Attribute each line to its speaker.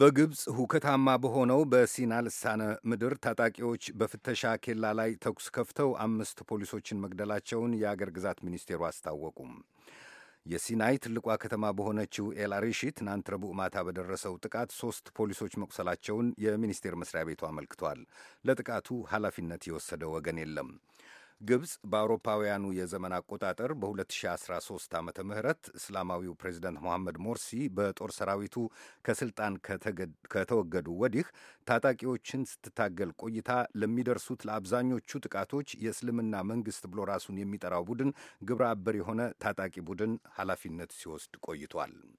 Speaker 1: በግብፅ ሁከታማ በሆነው በሲና ልሳነ ምድር ታጣቂዎች በፍተሻ ኬላ ላይ ተኩስ ከፍተው አምስት ፖሊሶችን መግደላቸውን የአገር ግዛት ሚኒስቴሩ አስታወቁም። የሲናይ ትልቋ ከተማ በሆነችው ኤላሪሺ ትናንት ረቡዕ ማታ በደረሰው ጥቃት ሦስት ፖሊሶች መቁሰላቸውን የሚኒስቴር መስሪያ ቤቱ አመልክቷል። ለጥቃቱ ኃላፊነት የወሰደ ወገን የለም። ግብፅ በአውሮፓውያኑ የዘመን አቆጣጠር በ2013 ዓ ም እስላማዊው ፕሬዚደንት መሐመድ ሞርሲ በጦር ሰራዊቱ ከስልጣን ከተወገዱ ወዲህ ታጣቂዎችን ስትታገል ቆይታ ለሚደርሱት ለአብዛኞቹ ጥቃቶች የእስልምና መንግስት ብሎ ራሱን የሚጠራው ቡድን ግብረ አበር የሆነ ታጣቂ ቡድን ኃላፊነት ሲወስድ ቆይቷል።